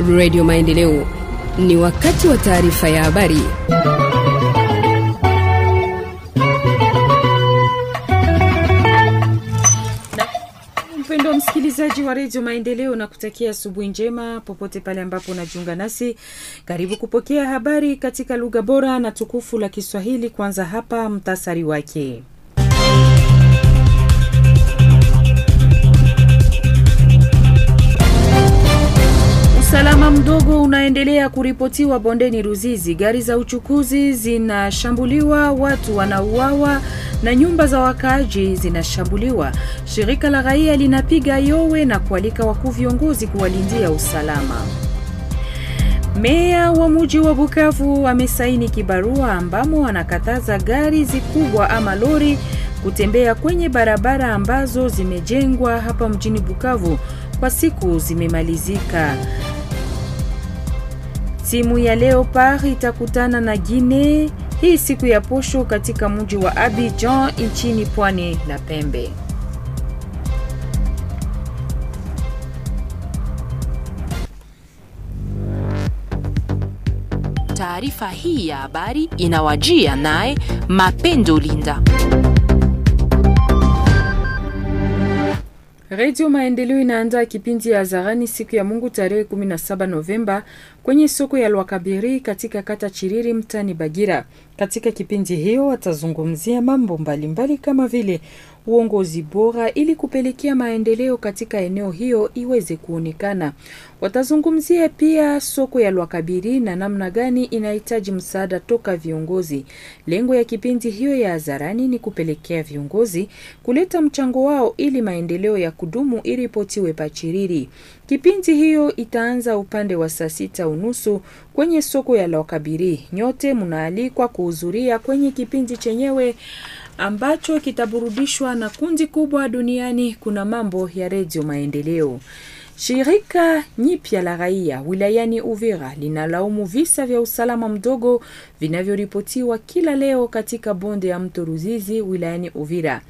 Redio Maendeleo, ni wakati wa taarifa ya habari. Mpendo wa msikilizaji wa redio Maendeleo, na kutakia asubuhi njema popote pale ambapo unajiunga nasi. Karibu kupokea habari katika lugha bora na tukufu la Kiswahili. Kwanza hapa mtasari wake. mdogo unaendelea kuripotiwa bondeni Ruzizi. Gari za uchukuzi zinashambuliwa, watu wanauawa na nyumba za wakaaji zinashambuliwa. Shirika la raia linapiga yowe na kualika wakuu viongozi kuwalindia usalama. Meya wa muji wa Bukavu amesaini kibarua ambamo anakataza gari zikubwa ama lori kutembea kwenye barabara ambazo zimejengwa hapa mjini Bukavu kwa siku zimemalizika. Timu ya Leopard itakutana na Guinea hii siku ya posho katika mji wa Abidjan nchini Pwani la Pembe. Taarifa hii ya habari inawajia naye Mapendo Linda. Redio Maendeleo inaanza kipindi ya hadharani siku ya Mungu tarehe 17 Novemba kwenye soko ya Lwakabiri katika kata Chiriri mtani Bagira. Katika kipindi hiyo watazungumzia mambo mbalimbali mbali kama vile uongozi bora ili kupelekea maendeleo katika eneo hiyo iweze kuonekana. Watazungumzia pia soko ya Lwakabiri na namna gani inahitaji msaada toka viongozi. Lengo ya kipindi hiyo ya hadharani ni kupelekea viongozi kuleta mchango wao ili maendeleo ya kudumu iripotiwe Pachiriri. Kipindi hiyo itaanza upande wa saa sita unusu kwenye soko ya Lokabiri. Nyote mnaalikwa kuhudhuria kwenye kipindi chenyewe ambacho kitaburudishwa na kundi kubwa duniani. Kuna mambo ya Redio Maendeleo. Shirika nyipya la raia wilayani Uvira linalaumu visa vya usalama mdogo vinavyoripotiwa kila leo katika bonde ya mto Ruzizi wilayani Uvira.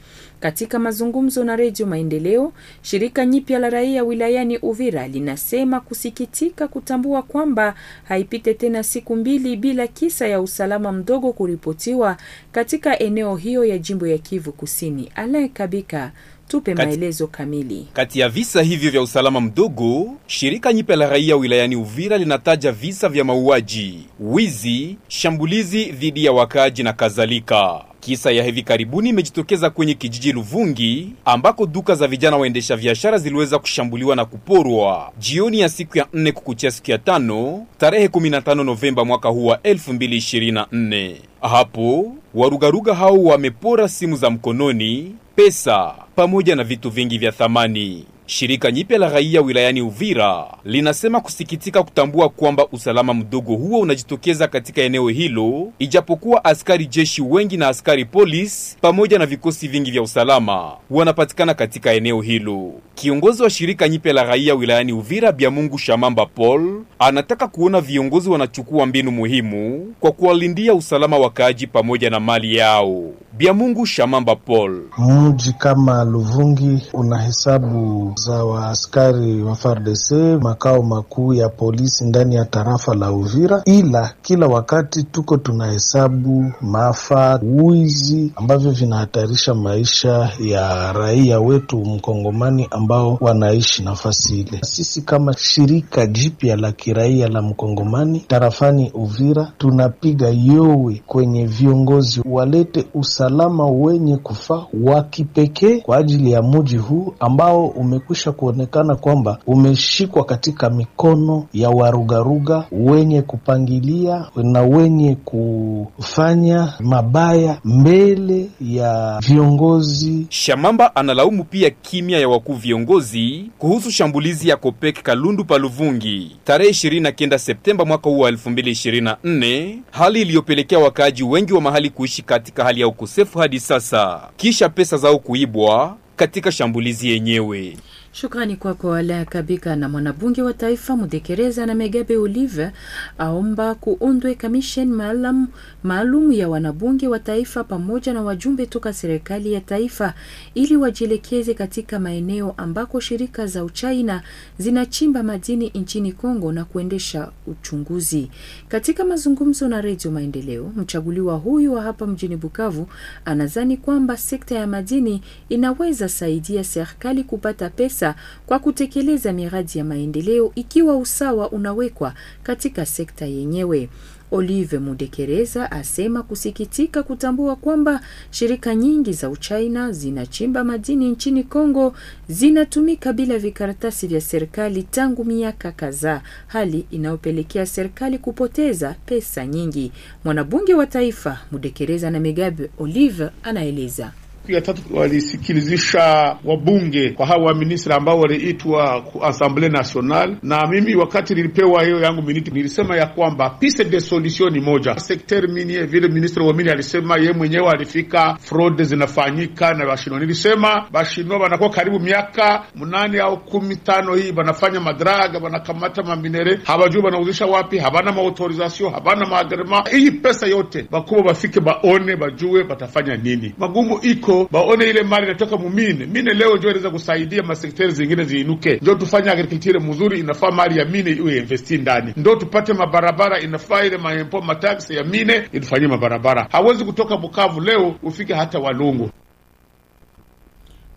Katika mazungumzo na Redio Maendeleo, shirika nyipya la raia wilayani Uvira linasema kusikitika kutambua kwamba haipite tena siku mbili bila kisa ya usalama mdogo kuripotiwa katika eneo hiyo ya jimbo ya Kivu Kusini. Alain Kabika Tupe kati, maelezo kamili. Kati ya visa hivyo vya usalama mdogo, shirika nyipe la raia wilayani Uvira linataja visa vya mauaji, wizi, shambulizi dhidi ya wakaaji na kadhalika. Kisa ya hivi karibuni imejitokeza kwenye kijiji Luvungi ambako duka za vijana waendesha biashara ziliweza kushambuliwa na kuporwa jioni ya siku ya nne kukuchia siku ya tano tarehe 15 Novemba mwaka huu wa 2024. Hapo warugaruga hao wamepora simu za mkononi, pesa pamoja na vitu vingi vya thamani. Shirika jipya la raia wilayani Uvira linasema kusikitika kutambua kwamba usalama mdogo huo unajitokeza katika eneo hilo, ijapokuwa askari jeshi wengi na askari polisi pamoja na vikosi vingi vya usalama wanapatikana katika eneo hilo. Kiongozi wa shirika jipya la raia wilayani Uvira, Byamungu Shamamba Paul, anataka kuona viongozi wanachukua mbinu muhimu kwa kuwalindia usalama wakaaji pamoja na mali yao. Byamungu Shamamba Paul: mji kama Luvungi unahesabu za waaskari wa FARDC makao makuu ya polisi ndani ya tarafa la Uvira, ila kila wakati tuko tunahesabu maafa, wizi ambavyo vinahatarisha maisha ya raia wetu mkongomani ambao wanaishi nafasi ile. Sisi kama shirika jipya la kiraia la mkongomani tarafani Uvira tunapiga yowe kwenye viongozi walete usalama wenye kufaa wa kipekee kwa ajili ya muji huu ambao ume umekwisha kuonekana kwamba umeshikwa katika mikono ya warugaruga wenye kupangilia na wenye kufanya mabaya mbele ya viongozi. Shamamba analaumu pia kimya ya wakuu viongozi kuhusu shambulizi ya Kopek Kalundu Paluvungi tarehe 29 Septemba mwaka huu wa 2024, hali iliyopelekea wakaaji wengi wa mahali kuishi katika hali ya ukosefu hadi sasa, kisha pesa zao kuibwa katika shambulizi yenyewe. Shukrani kwako kwa Alaya Kabika. Na mwanabunge wa taifa Mudekereza na Megabe Olive aomba kuundwe kamisheni maalum maalum ya wanabunge wa taifa pamoja na wajumbe toka serikali ya taifa ili wajielekeze katika maeneo ambako shirika za Uchina zinachimba madini nchini Kongo na kuendesha uchunguzi. Katika mazungumzo na Redio Maendeleo, mchaguliwa huyu wa hapa mjini Bukavu anazani kwamba sekta ya madini inaweza saidia serikali kupata pesa sekta kwa kutekeleza miradi ya maendeleo ikiwa usawa unawekwa katika sekta yenyewe. Olive Mudekereza asema kusikitika kutambua kwamba shirika nyingi za Uchina zinachimba madini nchini Kongo zinatumika bila vikaratasi vya serikali tangu miaka kadhaa, hali inayopelekea serikali kupoteza pesa nyingi. Mwanabunge wa taifa Mudekereza na Megabe Olive anaeleza ya tatu walisikilizisha wabunge kwa hawa ministra ambao waliitwa Assemblée Nationale, na mimi wakati nilipewa hiyo yangu miniti nilisema ya kwamba piste de solution ni moja. sekter minier, vile ministre wa mini alisema ye mwenyewe alifika, fraud zinafanyika na bashino. Nilisema bashino wanakuwa karibu miaka mnane au kumi tano hii wanafanya madraga, wanakamata maminere, hawajui wanauzisha wapi, habana maautorizasio, habana maagrema. Hii pesa yote bakubwa bafike, baone, bajue batafanya nini. Magumu iko baone ile mali inatoka mumine mine, leo njo inaweza kusaidia masekteri zingine ziinuke, njo tufanye agriculture mzuri. Inafaa mali ya mine iwe investi ndani, ndo tupate mabarabara. Inafaa ile maempo mataksi ya mine itufanyie mabarabara. Hawezi kutoka Bukavu leo ufike hata Walungu.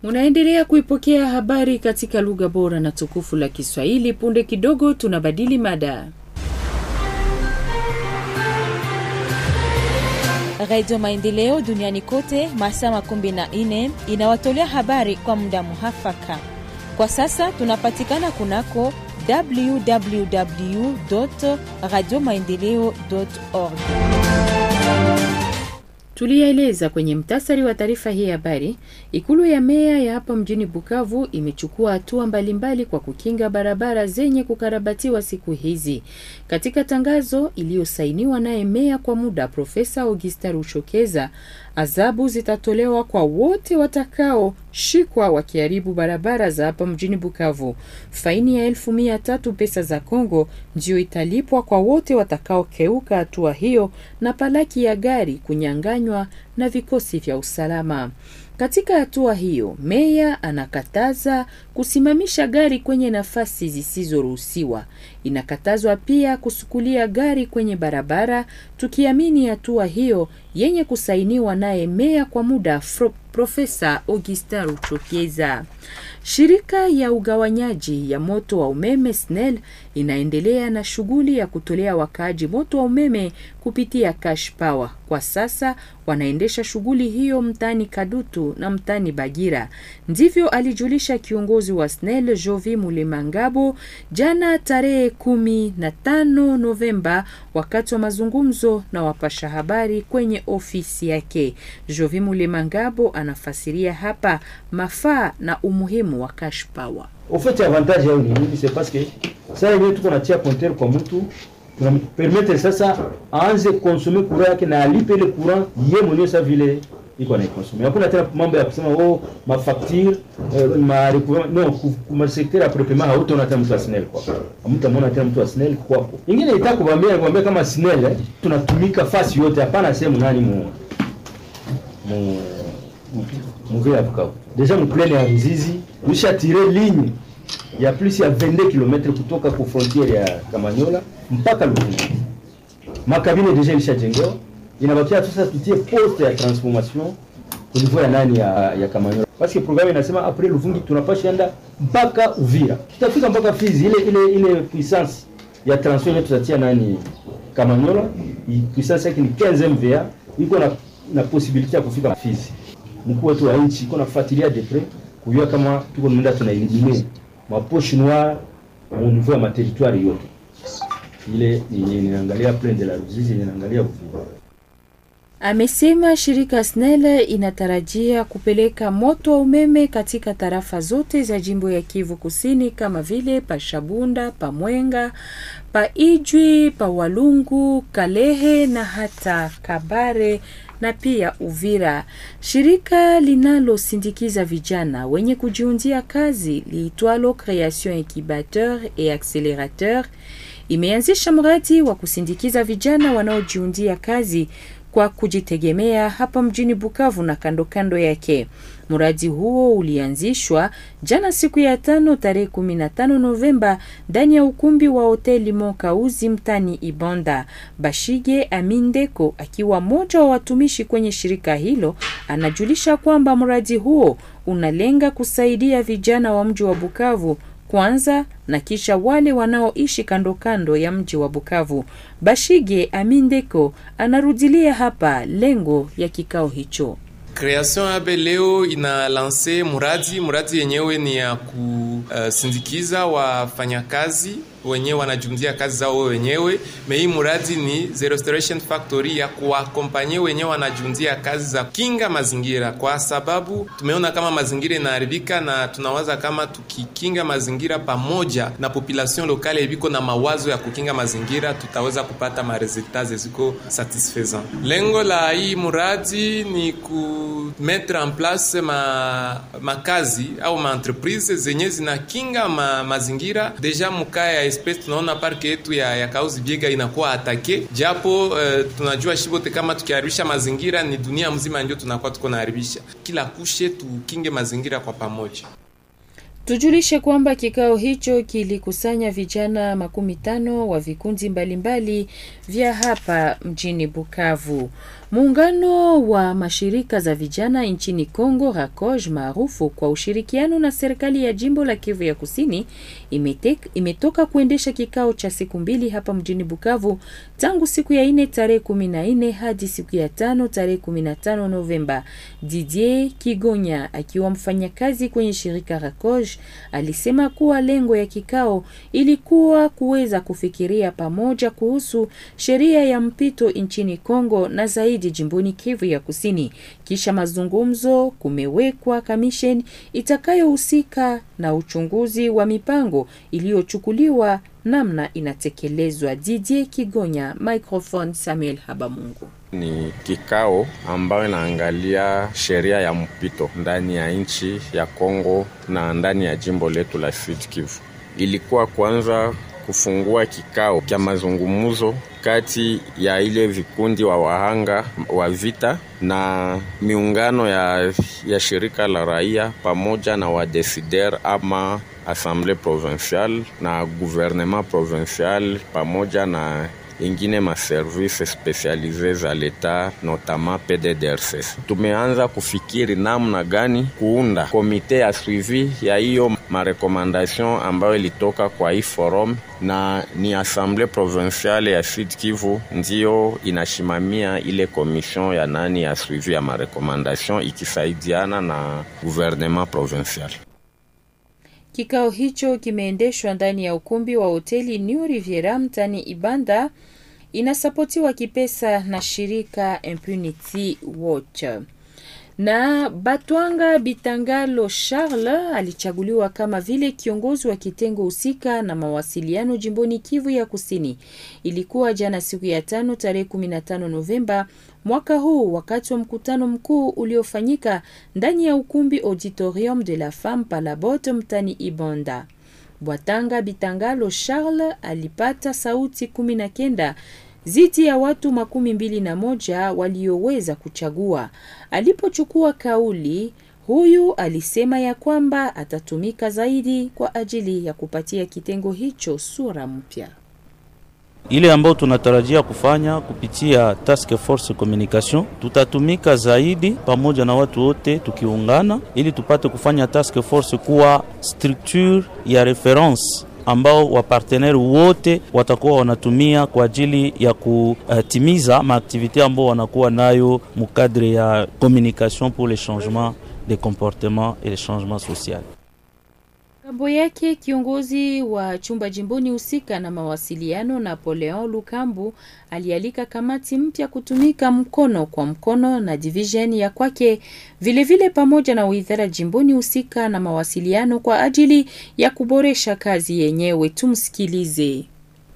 Munaendelea kuipokea habari katika lugha bora na tukufu la Kiswahili. Punde kidogo tunabadili mada. Redio Maendeleo duniani kote masaa makumi na inawatolea habari kwa muda muhafaka. Kwa sasa tunapatikana kunako www radio maendeleo org Tuliyaeleza kwenye mtasari wa taarifa hii habari, ikulu ya meya ya hapa mjini Bukavu imechukua hatua mbalimbali kwa kukinga barabara zenye kukarabatiwa siku hizi. Katika tangazo iliyosainiwa naye meya kwa muda Profesa Augusta Rushokeza Adhabu zitatolewa kwa wote watakaoshikwa wakiharibu barabara za hapa mjini Bukavu. Faini ya elfu mia tatu pesa za Kongo ndio italipwa kwa wote watakaokeuka hatua hiyo, na palaki ya gari kunyanganywa na vikosi vya usalama. Katika hatua hiyo, meya anakataza kusimamisha gari kwenye nafasi zisizoruhusiwa. Inakatazwa pia kusukulia gari kwenye barabara, tukiamini hatua hiyo yenye kusainiwa naye meya kwa muda Profesa Augustin Ruchokeza. Shirika ya ugawanyaji ya moto wa umeme SNEL inaendelea na shughuli ya kutolea wakaaji moto wa umeme kupitia cash power. Kwa sasa wanaendesha shughuli hiyo mtaani Kadutu na mtaani Bagira. Ndivyo alijulisha kiongozi wa SNEL Jovi Mulemangabo jana tarehe kumi na tano Novemba wakati wa mazungumzo na wapasha habari kwenye ofisi yake. Jovi Mulemangabo anafasiria hapa mafaa na umuhimu wa cash power. Ofete avantage yao ni nini? C'est parce que tuko na compteur kwa mtu tunampermettre sasa aanze konsume courant yake na alipe ile courant yeye mwenyewe sa vile iko na anaikonsume. Hakuna tena mambo ya kusema oh, mafakture eh, ma euh, no kumasekter ya proprement hautaona tena mtu wa kwa kwako, hamtamuona tena mtu wa kwa hapo Ingine itaka kuambia kama SNEL eh, tunatumika fasi yote, hapana sehemu nani mu mu muvile hapo kwa deja mu plein ya Mzizi usha tire ligne ya plus ya 22 km kutoka ku frontiere ya Kamanyola mpaka Lubumbashi makabine deja ilishajengewa inabakia tu sasa tutie poste ya transformation kwa ya nani ya, ya Kamanyola parce que inasema après Luvungi tunapasha enda mpaka Uvira, tutafika mpaka Fizi. Ile ile ile puissance ya transfert yetu tutatia nani Kamanyola, puissance yake ni 15 MVA, iko na na possibility ya kufika Fizi. Mkuu wetu wa nchi iko nafuatilia de près kujua kama tuko tunaenda tunaelimine mapoche noire au niveau ya territoire yote ile yenye inaangalia plaine de la Ruzizi, yenye inaangalia Uvira Amesema shirika SNEL inatarajia kupeleka moto wa umeme katika tarafa zote za jimbo ya Kivu Kusini kama vile Pashabunda, Pamwenga, Paijwi, Pawalungu, Kalehe na hata Kabare na pia Uvira. Shirika linalosindikiza vijana wenye kujiundia kazi liitwalo Creation Incubateur et Accelerateur imeanzisha mradi wa kusindikiza vijana wanaojiundia kazi kwa kujitegemea hapa mjini Bukavu na kando kando yake. Mradi huo ulianzishwa jana siku ya tano tarehe 15 Novemba ndani ya ukumbi wa hoteli Mokauzi mtani Ibonda. Bashige Amindeko akiwa mmoja wa watumishi kwenye shirika hilo anajulisha kwamba mradi huo unalenga kusaidia vijana wa mji wa Bukavu kwanza na kisha wale wanaoishi kando kando ya mji wa Bukavu. Bashige Amindeko anarudilia hapa lengo ya kikao hicho. Creation Abe leo ina lanse muradi, muradi yenyewe ni ya kusindikiza wafanyakazi wenyewe wanajumzia kazi zao wao wenyewe. Mei muradi ni The Restoration Factory ya kuwakompanye wenyewe wanajumzia kazi za kinga mazingira, kwa sababu tumeona kama mazingira inaharibika, na tunawaza kama tukikinga mazingira pamoja na population lokale iviko na mawazo ya kukinga mazingira, tutaweza kupata maresultat zeziko satisfaisant. Lengo la hii muradi ni kumetre en place ma makazi au maentreprise zenye zinakinga ma mazingira deja mukaya espèce tunaona park yetu ya, ya kauzi Biega inakuwa atake, japo uh, tunajua shibote kama tukiharibisha mazingira ni dunia mzima ndio tunakuwa tuko naharibisha. Kila kushe tukinge mazingira kwa pamoja. Tujulishe kwamba kikao hicho kilikusanya vijana makumi tano wa vikundi mbalimbali vya hapa mjini Bukavu. Muungano wa mashirika za vijana nchini Kongo RACOJ maarufu kwa ushirikiano na serikali ya jimbo la Kivu ya Kusini imetek, imetoka kuendesha kikao cha siku mbili hapa mjini Bukavu tangu siku ya ine tarehe 14 hadi siku ya tano tarehe 15 Novemba. Didier Kigonya akiwa mfanyakazi kwenye shirika RACOJ Bush alisema kuwa lengo ya kikao ilikuwa kuweza kufikiria pamoja kuhusu sheria ya mpito nchini Kongo na zaidi jimboni Kivu ya Kusini. Kisha mazungumzo, kumewekwa kamisheni itakayohusika na uchunguzi wa mipango iliyochukuliwa namna inatekelezwa. Didier Kigonya, microphone Samuel Habamungu. Ni kikao ambayo inaangalia sheria ya mpito ndani ya nchi ya Kongo na ndani ya jimbo letu la Sud Kivu. Ilikuwa kwanza kufungua kikao cha mazungumzo kati ya ile vikundi wa wahanga wa vita na miungano ya, ya shirika la raia pamoja na wadesider ama assemble provincial na guvernema provincial pamoja na ingine maservice specialize za leta notama PDDRCS. Tumeanza kufikiri namna gani kuunda komite ya suivi ya hiyo marekomandation ambayo ilitoka kwa hii forum, na ni assemble provinciale ya Sud Kivu ndiyo inashimamia ile komision ya nani ya suivi ya marekomandation ikisaidiana na gouvernement provincial. Kikao hicho kimeendeshwa ndani ya ukumbi wa hoteli New Riviera mtani Ibanda, inasapotiwa kipesa na shirika Impunity Watch na Batwanga Bitangalo Charles alichaguliwa kama vile kiongozi wa kitengo husika na mawasiliano jimboni Kivu ya Kusini. Ilikuwa jana siku ya tano tarehe 15 Novemba mwaka huu wakati wa mkutano mkuu uliofanyika ndani ya ukumbi Auditorium de la Femme Palabot mtani Ibonda. Bwatanga Bitangalo Charles alipata sauti kumi na kenda ziti ya watu makumi mbili na moja walioweza kuchagua. Alipochukua kauli huyu alisema ya kwamba atatumika zaidi kwa ajili ya kupatia kitengo hicho sura mpya. Ile ambayo tunatarajia kufanya kupitia task force communication, tutatumika zaidi pamoja na watu wote tukiungana, ili tupate kufanya task force kuwa structure ya reference ambao waparteneri wote watakuwa wanatumia kwa ajili ya kutimiza maaktivite ambao wanakuwa nayo mukadre ya communication pour le changement de comportement et le changement social ngambo yake kiongozi wa chumba jimboni husika na mawasiliano Napoleon Lukambu alialika kamati mpya kutumika mkono kwa mkono na division ya kwake vilevile vile pamoja na wizara jimboni husika na mawasiliano kwa ajili ya kuboresha kazi yenyewe. Tumsikilize.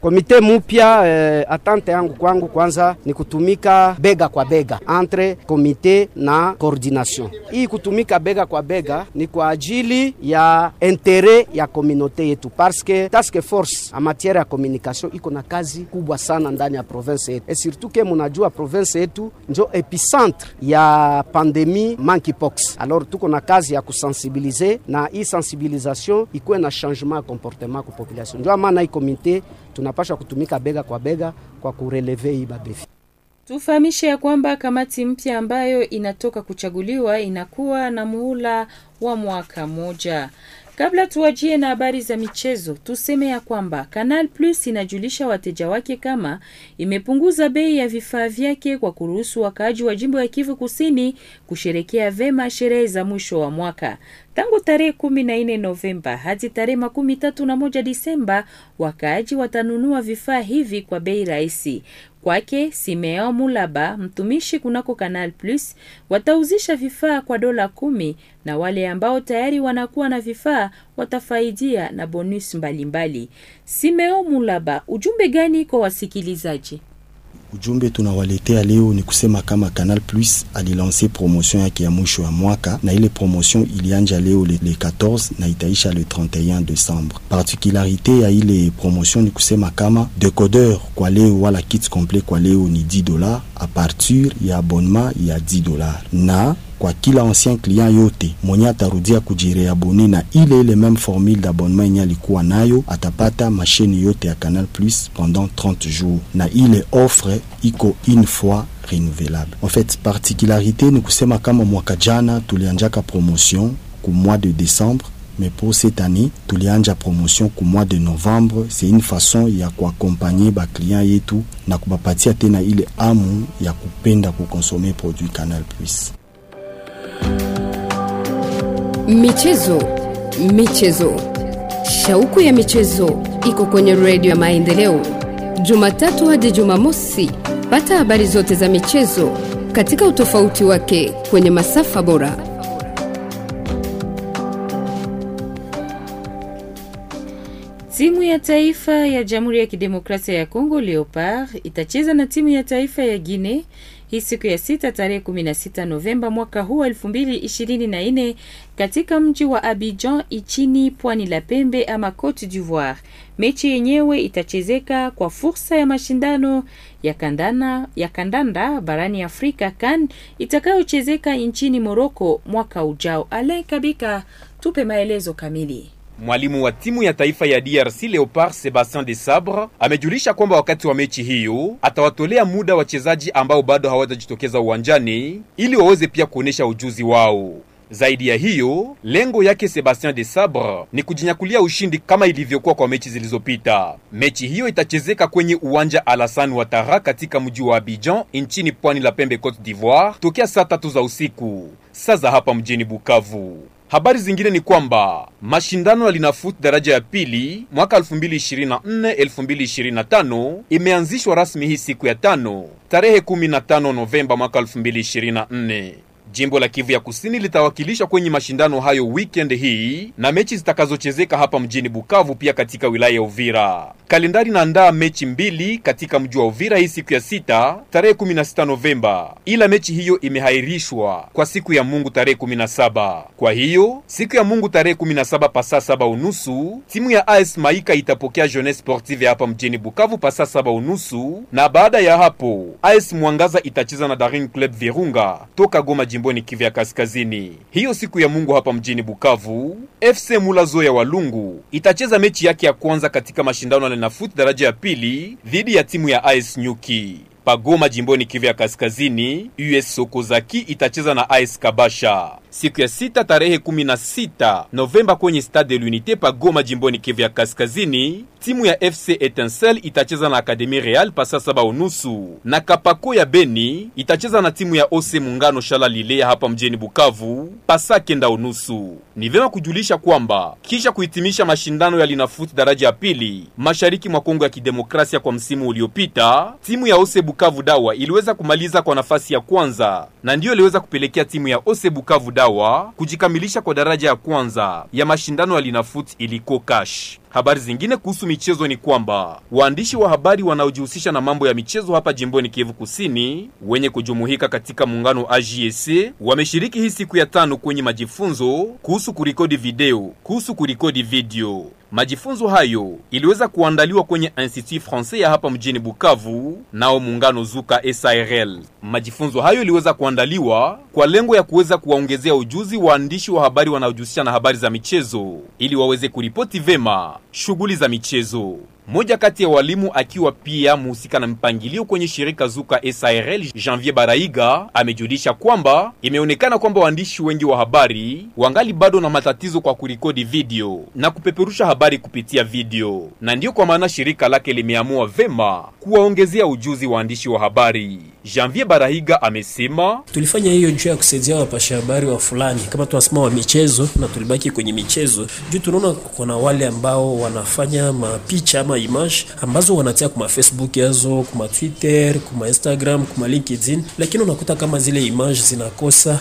Komite mupya eh, atante yangu kwangu kwanza ni kutumika bega kwa bega entre komite na coordination. Hii kutumika bega kwa bega ni kwa ajili ya intere ya komunote yetu, parce que task force a matiere ya communication iko na kazi kubwa sana ndani ya province yetu, et surtout ke munajua province yetu njo epicentre ya pandemie monkeypox. Alors tuko na kazi ya kusensibilize na hii sensibilisation ikuwe na changement ya comportement ku population, njo maana hii komite tunapasha kutumika bega kwa bega kwa kureleve hii babefi. Tufahamishe ya kwamba kamati mpya ambayo inatoka kuchaguliwa inakuwa na muhula wa mwaka mmoja. Kabla tuwajie na habari za michezo, tuseme ya kwamba Canal Plus inajulisha wateja wake kama imepunguza bei ya vifaa vyake kwa kuruhusu wakaaji wa jimbo ya Kivu Kusini kusherekea vema sherehe za mwisho wa mwaka tangu tarehe 14 Novemba hadi tarehe makumi na moja Disemba. Wakaaji watanunua vifaa hivi kwa bei rahisi. Kwake simeo Mulaba, mtumishi kunako Canal Plus, watauzisha vifaa kwa dola kumi na wale ambao tayari wanakuwa na vifaa watafaidia na bonus mbalimbali. simeo Mulaba, ujumbe gani kwa wasikilizaji? Ujumbe tunawaletea leo ni kusema kama Canal Plus alilanse promotion yake ya mwisho ya mwaka, na ile promotion ilianja leo le, le 14 na itaisha le 31 décembre Particularité ya ile promotion ni kusema kama decodeur kwa leo wala kit complet kwa leo ni 10 dollars a partir ya abonnement ya 10 dollars na kwa kila ancien client yote mwenye atarudia kujireabone na ile ile meme formule d'abonnement yenye alikuwa nayo atapata mashine yote ya Canal Plus pendant 30 jours, na ile offre iko une fois renouvelable. En fait, particularité ni kusema kama mwaka jana tulianjaka promotion ku mois de décembre mais pour cette année tulianja promotion ku mois de novembre. C'est une façon ya kuaccompagner ba client yetu na kubapatia tena ile amu ya kupenda kukonsome produit Canal Plus. Michezo, michezo, shauku ya michezo iko kwenye redio ya Maendeleo, Jumatatu hadi Jumamosi. Pata habari zote za michezo katika utofauti wake kwenye masafa bora. Timu ya taifa ya Jamhuri ya Kidemokrasia ya Kongo Leopard itacheza na timu ya taifa ya Guinea hii siku ya sita tarehe 16 Novemba mwaka huu 2024 katika mji wa Abidjan ichini pwani la pembe ama Cote d'Ivoire. Mechi yenyewe itachezeka kwa fursa ya mashindano ya kandana, ya kandanda barani Afrika CAN itakayochezeka nchini Morocco mwaka ujao. Alain Kabika, tupe maelezo kamili. Mwalimu wa timu ya taifa ya DRC Leopard Sebastien de Sabre amejulisha kwamba wakati wa mechi hiyo atawatolea muda wachezaji ambao bado hawajajitokeza uwanjani ili waweze pia kuonyesha ujuzi wao. Zaidi ya hiyo, lengo yake Sebastien de Sabre ni kujinyakulia ushindi kama ilivyokuwa kwa mechi zilizopita. Mechi hiyo itachezeka kwenye uwanja Alassane Ouattara katika mji wa Abidjan nchini pwani la pembe Cote d'Ivoire tokea saa tatu za usiku, saa za hapa mjini Bukavu. Habari zingine ni kwamba mashindano ya daraja ya pili mwaka 2024 2025 imeanzishwa rasmi hii siku ya tano tarehe 15 Novemba mwaka 2024. Jimbo la Kivu ya Kusini litawakilishwa kwenye mashindano hayo weekend hii na mechi zitakazochezeka hapa mjini Bukavu pia katika wilaya ya Uvira. Kalendari inaandaa mechi mbili katika mji wa Uvira hii siku ya sita tarehe 16 Novemba, ila mechi hiyo imehairishwa kwa siku ya Mungu tarehe 17. Kwa hiyo siku ya Mungu tarehe 17 pasa saba unusu timu ya AS Maika itapokea Jeunesse Sportive hapa mjini Bukavu pasa saba unusu, na baada ya hapo AS Mwangaza itacheza na Daring Club Virunga toka Goma jimboni Kivu ya Kaskazini. Hiyo siku ya Mungu hapa mjini Bukavu, FC Mulazo ya Walungu itacheza mechi yake ya kwanza katika mashindano wanafuti daraja ya pili dhidi ya timu ya AS Nyuki. Pagoma jimboni Kivu ya Kaskazini, US Sokozaki itacheza na AS Kabasha siku ya sita tarehe 16 Novemba kwenye Stade de l'Unite pa Goma, jimboni Kivu ya Kaskazini. Timu ya FC Etincelle itacheza na Akademi Real pasa saba unusu na Kapako ya Beni itacheza na timu ya Ose Muungano Shala Lilea hapa mjini Bukavu pasa kenda unusu. Ni vema kujulisha kwamba kisha kuhitimisha mashindano ya linafuti daraja ya pili mashariki mwa Kongo ya Kidemokrasia kwa msimu uliopita, timu ya Ose Bukavu Dawa iliweza kumaliza kwa nafasi ya kwanza na ndiyo iliweza kupelekea timu ya Ose Bukavu Dawa ingawa kujikamilisha kwa daraja ya kwanza ya mashindano ya Linafoot iliko cash. Habari zingine kuhusu michezo ni kwamba waandishi wa habari wanaojihusisha na mambo ya michezo hapa jimboni Kivu Kusini wenye kujumuika katika muungano wa AJS wameshiriki hii siku ya tano kwenye majifunzo kuhusu kurekodi video, kuhusu kurekodi video Majifunzo hayo iliweza kuandaliwa kwenye Institut Francais ya hapa mjini Bukavu, nao muungano Zuka SARL. Majifunzo hayo iliweza kuandaliwa kwa lengo ya kuweza kuwaongezea ujuzi waandishi wa habari wanaojihusisha na habari za michezo ili waweze kuripoti vema shughuli za michezo. Moja kati ya walimu akiwa pia muhusika na mpangilio kwenye shirika Zuka SRL, Janvier Baraiga amejulisha kwamba imeonekana kwamba waandishi wengi wa habari wangali bado na matatizo kwa kurikodi video na kupeperusha habari kupitia video, na ndiyo kwa maana shirika lake limeamua vema kuwaongezea ujuzi waandishi wa habari. Janvier Baraiga amesema, tulifanya hiyo njia ya kusaidia wapasha habari wa fulani kama tunasema wa michezo, na tulibaki kwenye michezo juu tunaona kuna wale ambao wanafanya mapicha ama ma image ambazo wanatia kuma Facebook yazo kuma Twitter kuma Instagram kuma LinkedIn, lakini unakuta kama zile image zinakosa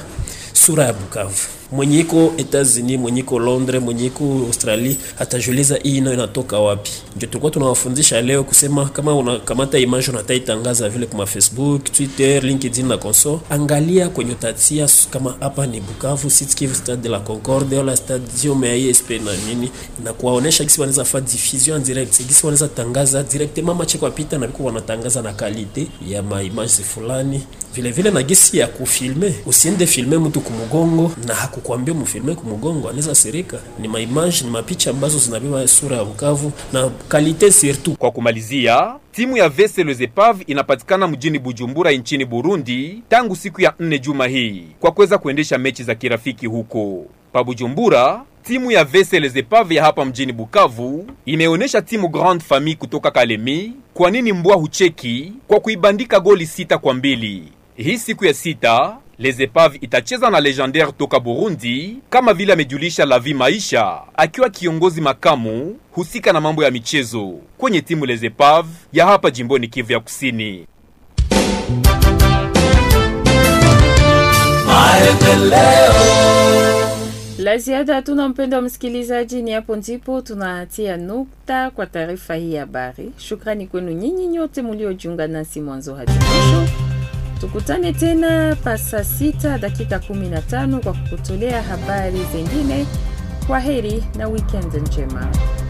sura ya Bukavu mwenye iko Etats-Unis, mwenye iko Londres, mwenye iko Australia atajuliza hii nayo inatoka wapi. Ndio tulikuwa tunawafundisha leo kusema kama unakamata image unataka itangaza vile kwa Facebook, Twitter, LinkedIn na konso, angalia kwenye utatia kama hapa ni Bukavu, Sud Kivu, Stade de la Concorde wala Stadium ya ISP na nini, na kuwaonesha kisi wanaweza fa diffusion direct, kisi wanaweza tangaza direct mama cheko apita na biko wanatangaza na kalite ya ma image fulani, vile vile na gisi ya kufilme, usiende filme mtu kumugongo na haku kukuambia mfilme kumugongo anaweza sirika. Ni maimaji ni mapicha ambazo zinabeba sura ya Bukavu na kalite sirtu. Kwa kumalizia, timu ya Vese Les inapatikana mjini Bujumbura nchini Burundi tangu siku ya nne juma hii kwa kuweza kuendesha mechi za kirafiki huko pa Bujumbura. Timu ya Vese Les ya hapa mjini Bukavu imeonyesha timu Grande Famille kutoka Kalemi kwa nini mbwa hucheki kwa kuibandika goli sita kwa mbili hii siku ya sita Les Epaves itacheza na Legendaire toka Burundi, kama vile amejulisha Lavi Maisha akiwa kiongozi makamu husika na mambo ya michezo kwenye timu Les Epaves ya hapa jimboni Kivu ya Kusini. La ziada hatuna, mpendo wa msikilizaji, ni hapo ndipo tunatia nukta kwa taarifa hii habari. Shukrani kwenu nyinyi nyote mliojiunga nasi mwanzo hadi mwisho. Tukutane tena pasa sita dakika 15 kwa kukutolea habari zingine. Kwa heri na weekend njema.